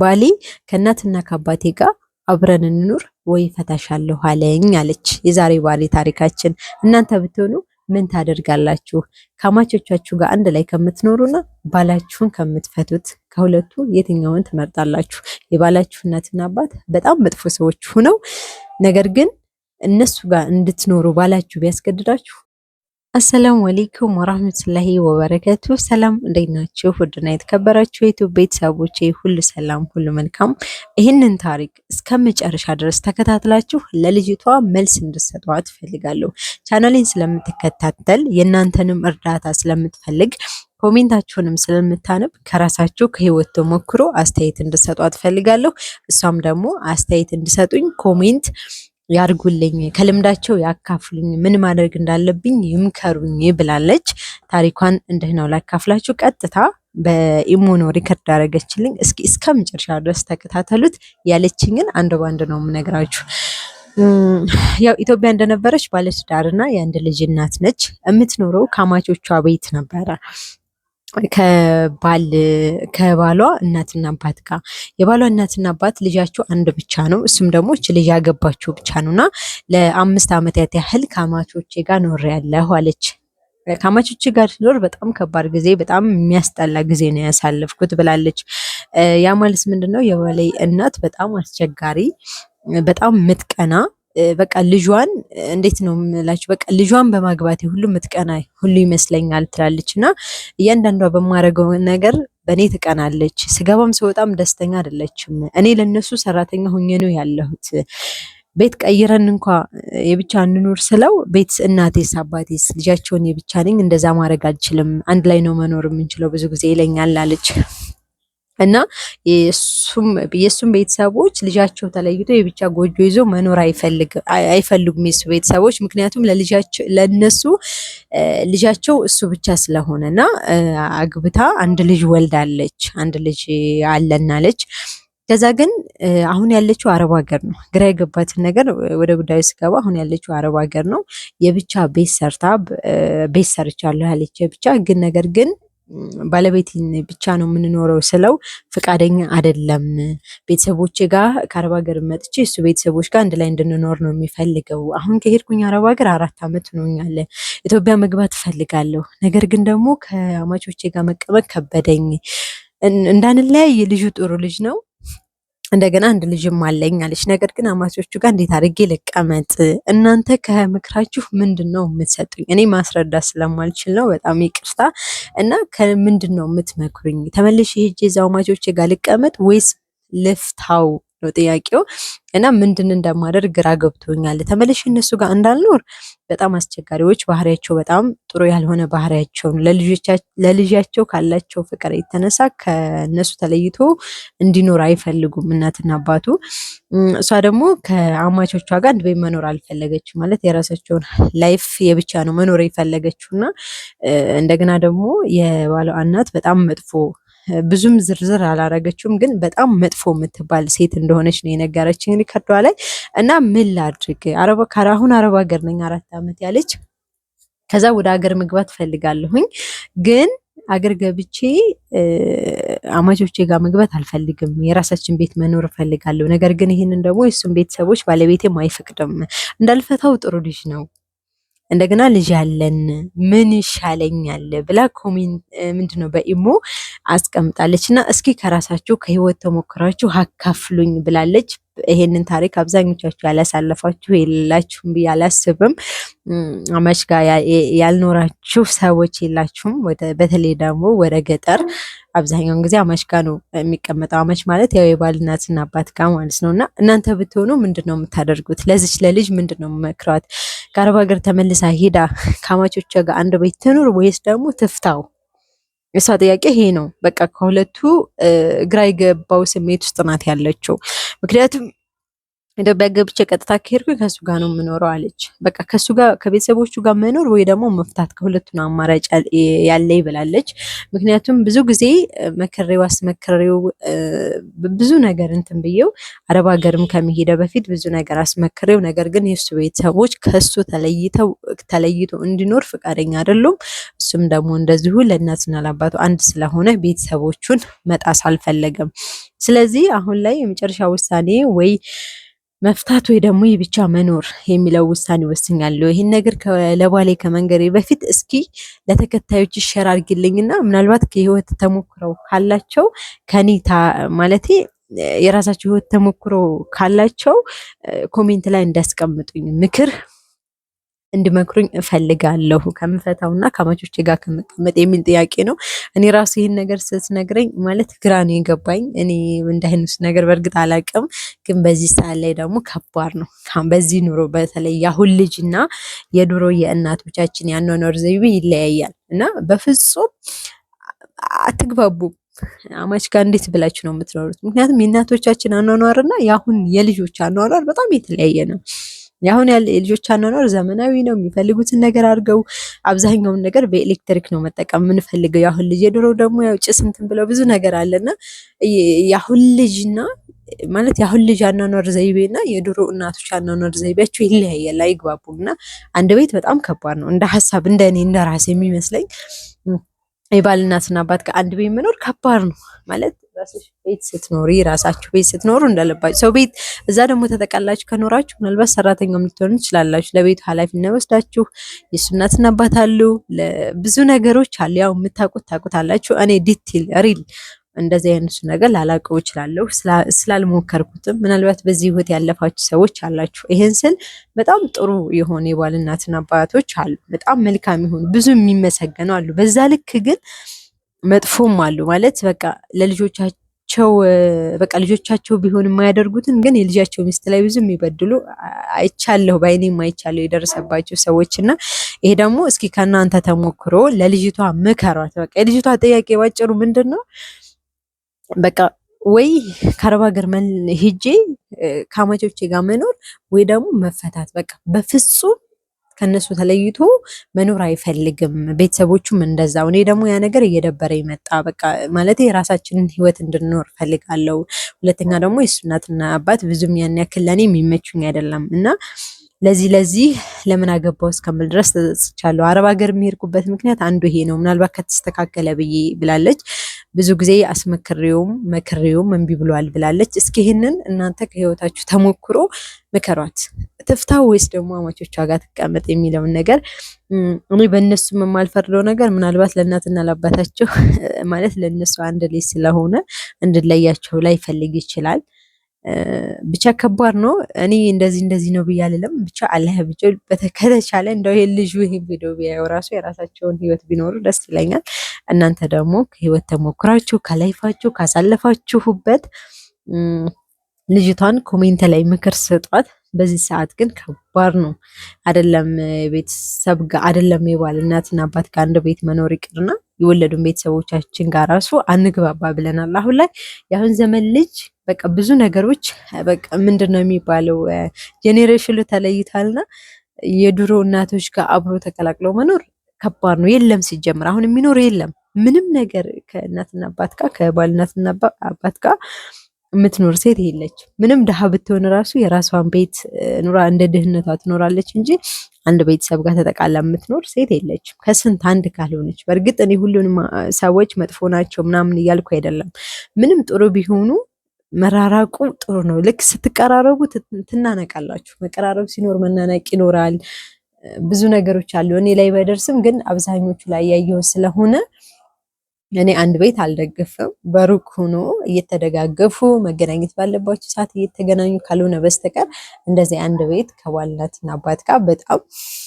ባሌ ከእናትና ከአባቴ ጋር አብረን እንኑር ወይ ፈታሻለሁ አለኝ አለች። የዛሬ ባሌ ታሪካችን። እናንተ ብትሆኑ ምን ታደርጋላችሁ? ከማቾቻችሁ ጋር አንድ ላይ ከምትኖሩና ባላችሁን ከምትፈቱት ከሁለቱ የትኛውን ትመርጣላችሁ? የባላችሁ እናትና አባት በጣም መጥፎ ሰዎች ሁነው ነገር ግን እነሱ ጋር እንድትኖሩ ባላችሁ ቢያስገድዳችሁ አሰላሙ አሌይኩም ወራህመቱላሂ ወበረከቱ። ሰላም እንዴት ናችሁ? ውድና የተከበራችሁ የዩቱብ ቤተሰቦቼ ሁሉ ሰላም፣ ሁሉ መልካም። ይህንን ታሪክ እስከ መጨረሻ ድረስ ተከታትላችሁ ለልጅቷ መልስ እንድትሰጧት እፈልጋለሁ። ቻናሌን ስለምትከታተል የእናንተንም እርዳታ ስለምትፈልግ ኮሜንታችሁንም ስለምታነብ ከራሳችሁ ከህይወት ተሞክሮ አስተያየት እንድትሰጧት ትፈልጋለሁ እሷም ደግሞ አስተያየት እንድሰጡኝ ኮሜንት ያርጉልኝ ከልምዳቸው ያካፍሉኝ፣ ምን ማድረግ እንዳለብኝ ይምከሩኝ ብላለች። ታሪኳን እንዲህ ነው ላካፍላችሁ። ቀጥታ በኢሞኖ ሪከርድ ያደረገችልኝ። እስኪ እስከ መጨረሻ ድረስ ተከታተሉት። ያለችኝን አንድ በአንድ ነው የምነግራችሁ። ያው ኢትዮጵያ እንደነበረች ባለትዳርና የአንድ ልጅ እናት ነች። የምትኖረው ከአማቾቿ ቤት ነበረ። ከባል ከባሏ እናትና አባት ጋር የባሏ እናትና አባት ልጃቸው አንድ ብቻ ነው። እሱም ደግሞ እች ልጅ ያገባችው ብቻ እና ለአምስት ዓመታት ያህል ከአማቾቼ ጋር ኖር ያለሁ አለች። ከአማቾቼ ጋር ሲኖር በጣም ከባድ ጊዜ፣ በጣም የሚያስጠላ ጊዜ ነው ያሳለፍኩት ብላለች። ያ ማለት ምንድን ነው? የባሌ እናት በጣም አስቸጋሪ፣ በጣም ምትቀና በቃ ልጇን እንዴት ነው የምላችሁ፣ በቃ ልጇን በማግባቴ ሁሉ የምትቀና ሁሉ ይመስለኛል ትላለች። እና እያንዳንዷ በማረገው ነገር በእኔ ትቀናለች። ስገባም ስወጣም ደስተኛ አይደለችም። እኔ ለእነሱ ሰራተኛ ሁኜ ነው ያለሁት። ቤት ቀይረን እንኳ የብቻ እንኑር ስለው ቤት እናቴስ አባቴስ ልጃቸውን የብቻ ነኝ፣ እንደዛ ማድረግ አልችልም፣ አንድ ላይ ነው መኖር የምንችለው ብዙ ጊዜ ይለኛል አለች። እና የእሱም ቤተሰቦች ልጃቸው ተለይቶ የብቻ ጎጆ ይዞ መኖር አይፈልጉም የሱ ቤተሰቦች። ምክንያቱም ለእነሱ ልጃቸው እሱ ብቻ ስለሆነ እና አግብታ አንድ ልጅ ወልዳለች። አንድ ልጅ አለናለች። ከዛ ግን አሁን ያለችው አረብ ሀገር ነው። ግራ የገባትን ነገር ወደ ጉዳዩ ስገባ አሁን ያለችው አረብ ሀገር ነው። የብቻ ቤት ሰርታ ቤት ሰርቻለሁ ያለች የብቻ ግን ነገር ግን ባለቤቴን ብቻ ነው የምንኖረው ስለው ፈቃደኛ አይደለም። ቤተሰቦቼ ጋር ከአረብ ሀገር መጥቼ እሱ ቤተሰቦች ጋር አንድ ላይ እንድንኖር ነው የሚፈልገው። አሁን ከሄድኩኝ አረብ ሀገር አራት ዓመት ሆኖኛል። ኢትዮጵያ መግባት እፈልጋለሁ፣ ነገር ግን ደግሞ ከአማቾቼ ጋር መቀመጥ ከበደኝ። እንዳንለያይ ልጁ ጥሩ ልጅ ነው እንደገና አንድ ልጅም አለኝ አለች። ነገር ግን አማቾቹ ጋር እንዴት አድርጌ ልቀመጥ? እናንተ ከምክራችሁ ምንድን ነው የምትሰጡኝ? እኔ ማስረዳት ስለማልችል ነው፣ በጣም ይቅርታ እና ከምንድን ነው የምትመክሩኝ? ተመልሼ ሄጄ እዛው አማቾቼ ጋር ልቀመጥ ወይስ ልፍታው ነው ጥያቄው። እና ምንድን እንደማደርግ ግራ ገብቶኛል። ተመልሼ እነሱ ጋር እንዳልኖር በጣም አስቸጋሪዎች፣ ባህሪያቸው በጣም ጥሩ ያልሆነ ባህሪያቸው ነው። ለልጃቸው ካላቸው ፍቅር የተነሳ ከእነሱ ተለይቶ እንዲኖር አይፈልጉም እናትና አባቱ። እሷ ደግሞ ከአማቾቿ ጋር አንድ ቤት መኖር አልፈለገችው ማለት የራሳቸውን ላይፍ የብቻ ነው መኖር የፈለገችው እና እንደገና ደግሞ የባሏ እናት በጣም መጥፎ ብዙም ዝርዝር አላረገችውም፣ ግን በጣም መጥፎ የምትባል ሴት እንደሆነች ነው የነገረችኝ ሪከርዷ ላይ እና ምን ላድርግ አረባ ከአሁን ሀገር ነኝ አራት ዓመት ያለች ከዛ ወደ ሀገር መግባት ፈልጋለሁኝ ግን አገር ገብቼ አማቾቼ ጋር መግባት አልፈልግም። የራሳችን ቤት መኖር እፈልጋለሁ። ነገር ግን ይህንን ደግሞ የእሱን ቤተሰቦች ባለቤቴም አይፈቅድም። እንዳልፈታው ጥሩ ልጅ ነው እንደገና ልጅ ያለን ምን ይሻለኛል ብላ ኮሜንት ምንድን ነው በኢሞ አስቀምጣለች። እና እስኪ ከራሳችሁ ከህይወት ተሞክራችሁ አካፍሉኝ ብላለች። ይሄንን ታሪክ አብዛኞቻችሁ ያላሳለፋችሁ የሌላችሁም ብዬ አላስብም። አማች ጋር ያልኖራችሁ ሰዎች የላችሁም። በተለይ ደግሞ ወደ ገጠር አብዛኛውን ጊዜ አማች ጋር ነው የሚቀመጠው። አማች ማለት ያው የባል እናትና አባት ጋር ማለት ነው። እና እናንተ ብትሆኑ ምንድን ነው የምታደርጉት? ለዚች ለልጅ ምንድን ነው መክሯት? ከአረብ ሀገር ተመልሳ ሄዳ ከአማቾቿ ጋር አንድ ቤት ትኑር ወይስ ደግሞ ትፍታው? እሷ ጥያቄ ይሄ ነው። በቃ ከሁለቱ ግራ የገባው ስሜት ውስጥ ናት ያለችው ምክንያቱም እንደው በገብቼ ቀጥታ ከሄድኩኝ ከሱ ጋር ነው የምኖረው አለች። በቃ ከሱ ጋር ከቤተሰቦቹ ጋር መኖር ወይ ደግሞ መፍታት ከሁለቱን አማራጭ ያለ ይብላለች። ምክንያቱም ብዙ ጊዜ መከሬው አስመከሬው ብዙ ነገር እንትን ብዬው አረብ ሀገርም ከመሄደ በፊት ብዙ ነገር አስመከሬው፣ ነገር ግን የሱ ቤተሰቦች ከሱ ተለይተው ተለይቶ እንዲኖር ፈቃደኛ አይደሉም። እሱም ደግሞ እንደዚሁ ለእናትና ለአባቱ አንድ ስለሆነ ቤተሰቦቹን መጣስ አልፈለገም። ስለዚህ አሁን ላይ የመጨረሻ ውሳኔ ወይ መፍታት ወይ ደግሞ የብቻ መኖር የሚለው ውሳኔ ወስኛለሁ። ይህን ነገር ለባሌ ከመንገሬ በፊት እስኪ ለተከታዮች ሸር አድርግልኝና ምናልባት ከህይወት ተሞክረው ካላቸው ከኔታ ማለቴ የራሳቸው ህይወት ተሞክሮ ካላቸው ኮሜንት ላይ እንዳስቀምጡኝ ምክር እንድመክሩኝ እፈልጋለሁ ከምፈታውና ከመቾቼ ጋር ከምቀመጥ የሚል ጥያቄ ነው። እኔ ራሱ ይህን ነገር ስትነግረኝ ማለት ግራ ነው የገባኝ። እኔ እንዳይነሱ ነገር በእርግጥ አላቅም፣ ግን በዚህ ሰዓት ላይ ደግሞ ከባድ ነው። በዚህ ኑሮ በተለይ የአሁን ልጅና የድሮ የእናቶቻችን ያኗኗር ዘይቤ ይለያያል እና በፍጹም አትግባቡም። አማች ጋር እንዴት ብላችሁ ነው የምትኖሩት? ምክንያቱም የእናቶቻችን አኗኗርና የአሁን የልጆች አኗኗር በጣም የተለያየ ነው። የአሁን ያለ የልጆች አኗኗር ዘመናዊ ነው። የሚፈልጉትን ነገር አድርገው አብዛኛውን ነገር በኤሌክትሪክ ነው መጠቀም የምንፈልገው። የአሁን ልጅ የድሮ ደግሞ ያው ጭስ እንትን ብለው ብዙ ነገር አለና የአሁን ልጅና ማለት የአሁን ልጅ አኗኗር ዘይቤና የድሮ እናቶች አኗኗር ዘይቤያቸው ይለያያል፣ አይግባቡም። እና አንድ ቤት በጣም ከባድ ነው እንደ ሀሳብ እንደ እኔ እንደ ራሴ የሚመስለኝ የባልናትና አባት ከአንድ ቤት መኖር ከባድ ነው ማለት ቤት ስትኖሪ ራሳችሁ ቤት ስትኖሩ እንዳለባችሁ ሰው ቤት እዛ ደግሞ ተጠቃላችሁ ከኖራችሁ ምናልባት ሰራተኛም ልትሆኑ ትችላላችሁ። ለቤቱ ኃላፊነት ወስዳችሁ የእሱ እናትና አባት አሉ፣ ብዙ ነገሮች አሉ። ያው የምታውቁት ታውቁታላችሁ። እኔ ዲቴል ሪል እንደዚህ አይነቱ ነገር ላላውቀው እችላለሁ ስላልሞከርኩትም። ምናልባት በዚህ ህይወት ያለፋችሁ ሰዎች አላችሁ። ይህን ስል በጣም ጥሩ የሆኑ የባል እናትና አባቶች አሉ፣ በጣም መልካም የሆኑ ብዙ የሚመሰገኑ አሉ። በዛ ልክ ግን መጥፎም አሉ። ማለት በቃ ለልጆቻቸው በቃ ልጆቻቸው ቢሆን የማያደርጉትን ግን የልጃቸው ሚስት ላይ ብዙ የሚበድሉ አይቻለሁ፣ በአይኔም አይቻለሁ የደረሰባቸው ሰዎች እና ይሄ ደግሞ እስኪ ከእናንተ ተሞክሮ ለልጅቷ ምከሯት። በቃ የልጅቷ ጥያቄ ባጭሩ ምንድን ነው? በቃ ወይ ከአረብ ሀገር ሄጄ ከአማቾቼ ጋር መኖር ወይ ደግሞ መፈታት። በቃ በፍጹም ከነሱ ተለይቶ መኖር አይፈልግም። ቤተሰቦቹም እንደዛው። እኔ ደግሞ ያ ነገር እየደበረ ይመጣ። በቃ ማለት የራሳችንን ህይወት እንድንኖር ፈልጋለው። ሁለተኛ ደግሞ የሱ እናትና አባት ብዙም ያን ያክል ለእኔ የሚመቹኝ አይደለም እና ለዚህ ለዚህ ለምን አገባው እስከምል ድረስ ተጸጽቻለሁ። አረብ ሀገር የሚሄድኩበት ምክንያት አንዱ ይሄ ነው። ምናልባት ከተስተካከለ ብዬ ብላለች። ብዙ ጊዜ አስመክሬውም መክሬውም እምቢ ብሏል ብላለች። እስኪ ይህንን እናንተ ከህይወታችሁ ተሞክሮ ምከሯት። ትፍታ ወይስ ደግሞ አማቾቿ ጋር ትቀመጥ የሚለውን ነገር እኔ በእነሱ የማልፈርደው ነገር ምናልባት ለእናትና ለአባታቸው ማለት ለእነሱ አንድ ላይ ስለሆነ እንድለያቸው ላይ ፈልግ ይችላል። ብቻ ከባድ ነው። እኔ እንደዚህ እንደዚህ ነው ብዬ አልልም። ብቻ አላህ ብቻ ከተቻለ እንደው ይሄ ልጁ ይሄ ቪዲዮ ቢያየው ራሱ የራሳቸውን ህይወት ቢኖሩ ደስ ይለኛል። እናንተ ደግሞ ከህይወት ተሞክራችሁ ከላይፋችሁ ካሳለፋችሁበት ልጅቷን ኮሜንት ላይ ምክር ስጧት። በዚህ ሰዓት ግን ከባድ ነው። አደለም ቤተሰብ ጋር አደለም የባል እናትና አባት ጋር አንድ ቤት መኖር ይቅርና የወለዱን ቤተሰቦቻችን ጋር ራሱ አንግባባ ብለናል። አሁን ላይ የአሁን ዘመን ልጅ በቃ ብዙ ነገሮች በቃ ምንድን ነው የሚባለው ጄኔሬሽኑ ተለይቷልና የድሮ እናቶች ጋር አብሮ ተቀላቅለው መኖር ከባድ ነው። የለም ሲጀምር አሁን የሚኖር የለም ምንም ነገር ከእናትና አባት ጋር ከባልናትና አባት ጋር የምትኖር ሴት የለች። ምንም ድሃ ብትሆን ራሱ የራሷን ቤት ኑራ እንደ ድህነቷ ትኖራለች እንጂ አንድ ቤተሰብ ጋር ተጠቃላ የምትኖር ሴት የለችም፣ ከስንት አንድ ካልሆነች። በእርግጥ እኔ ሁሉንም ሰዎች መጥፎ ናቸው ምናምን እያልኩ አይደለም። ምንም ጥሩ ቢሆኑ መራራቁ ጥሩ ነው። ልክ ስትቀራረቡ ትናነቃላችሁ። መቀራረብ ሲኖር መናነቅ ይኖራል። ብዙ ነገሮች አሉ። እኔ ላይ ባይደርስም ግን አብዛኞቹ ላይ ያየው ስለሆነ እኔ አንድ ቤት አልደግፍም። በሩቅ ሆኖ እየተደጋገፉ መገናኘት ባለባቸው ሰዓት እየተገናኙ ካልሆነ በስተቀር እንደዚህ አንድ ቤት ከባልናትና አባት ጋር በጣም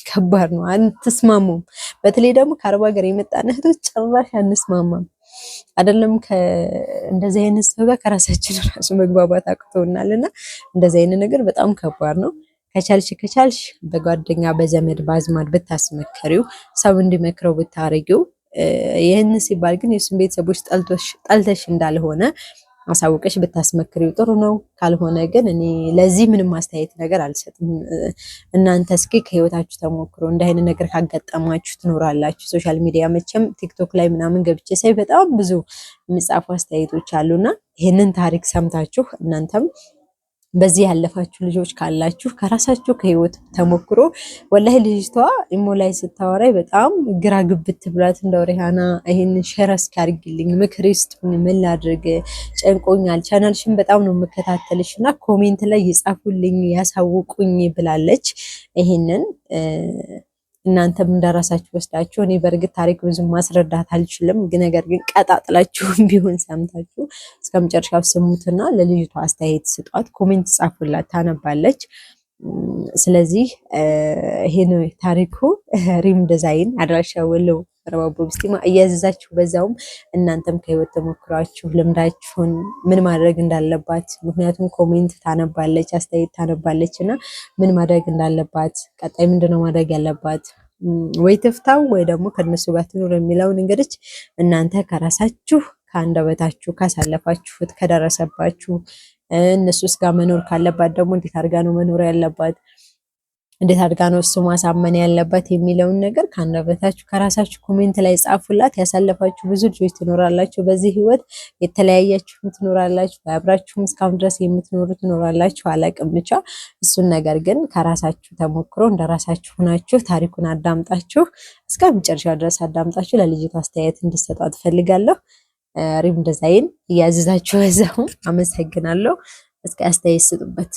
ከባድ ነው። አንተስማሙም። በተለይ ደግሞ ከአረብ ሀገር የመጣ እህቶች ጭራሽ አንስማማም። አይደለም እንደዚህ አይነት ሰው ጋር ከራሳችን ራሱ መግባባት አቅቶናል እና እንደዚህ አይነት ነገር በጣም ከባድ ነው። ከቻልሽ ከቻልሽ በጓደኛ በዘመድ በአዝማድ ብታስመከሪው ሰው እንዲመክረው ብታረጊው። ይህን ሲባል ግን የሱን ቤተሰቦች ጠልተሽ እንዳልሆነ አሳውቀሽ ብታስመክሪው ጥሩ ነው። ካልሆነ ግን እኔ ለዚህ ምንም አስተያየት ነገር አልሰጥም። እናንተ እስኪ ከህይወታችሁ ተሞክሮ እንደ አይነት ነገር ካጋጠማችሁ ትኖራላችሁ። ሶሻል ሚዲያ መቼም ቲክቶክ ላይ ምናምን ገብቼ ሳይ በጣም ብዙ የሚጻፉ አስተያየቶች አሉና ይህንን ታሪክ ሰምታችሁ እናንተም በዚህ ያለፋችሁ ልጆች ካላችሁ ከራሳችሁ ከህይወት ተሞክሮ ወላሂ ልጅቷ ኢሞ ላይ ስታወራይ በጣም ግራ ግብት ብላት እንደው ሪሃና ይህን ሸር እስኪያርግልኝ ምክር ስጡኝ፣ ምን ላድርግ ጨንቆኛል፣ ቻናልሽን በጣም ነው የምከታተልሽ እና ኮሜንት ላይ የጻፉልኝ ያሳውቁኝ ብላለች። ይህንን እናንተም እንደራሳችሁ ወስዳችሁ እኔ በእርግጥ ታሪክ ብዙ ማስረዳት አልችልም፣ ነገር ግን ቀጣጥላችሁም ቢሆን ሰምታችሁ እስከ መጨረሻው ስሙትና ለልጅቷ አስተያየት ስጧት። ኮሜንት ጻፉላት፣ ታነባለች። ስለዚህ ይሄን ታሪኩ። ሪም ዲዛይን አድራሻ ወሎ ረባቦ ብስቲማ እያዘዛችሁ በዛውም እናንተም ከህይወት ተሞክሯችሁ ልምዳችሁን ምን ማድረግ እንዳለባት፣ ምክንያቱም ኮሜንት ታነባለች፣ አስተያየት ታነባለች እና ምን ማድረግ እንዳለባት ቀጣይ ምንድነው ማድረግ ያለባት ወይ ትፍታው ወይ ደግሞ ከነሱ ጋር ትኑር የሚለውን እንግዲህ እናንተ ከራሳችሁ ከአንደበታችሁ ካሳለፋችሁት ከደረሰባችሁ ውስጥ ጋር መኖር ካለባት ደግሞ እንዴት አድርጋ ነው መኖር ያለባት እንዴት አድርጋ ነው እሱ ማሳመን ያለባት የሚለውን ነገር ከአንደበታችሁ ከራሳችሁ ኮሜንት ላይ ጻፉላት። ያሳለፋችሁ ብዙ ልጆች ትኖራላችሁ። በዚህ ህይወት የተለያያችሁም ትኖራላችሁ። አብራችሁም እስካሁን ድረስ የምትኖሩ ትኖራላችሁ። አላቅም ብቻ እሱን ነገር ግን ከራሳችሁ ተሞክሮ እንደ ራሳችሁ ናችሁ ታሪኩን አዳምጣችሁ እስከ መጨረሻ ድረስ አዳምጣችሁ ለልጅቱ አስተያየት እንዲሰጧ ትፈልጋለሁ። ሪም ዲዛይን እያዘዛችሁ በዛው አመሰግናለሁ። እስከ አስተያየት ስጡበት።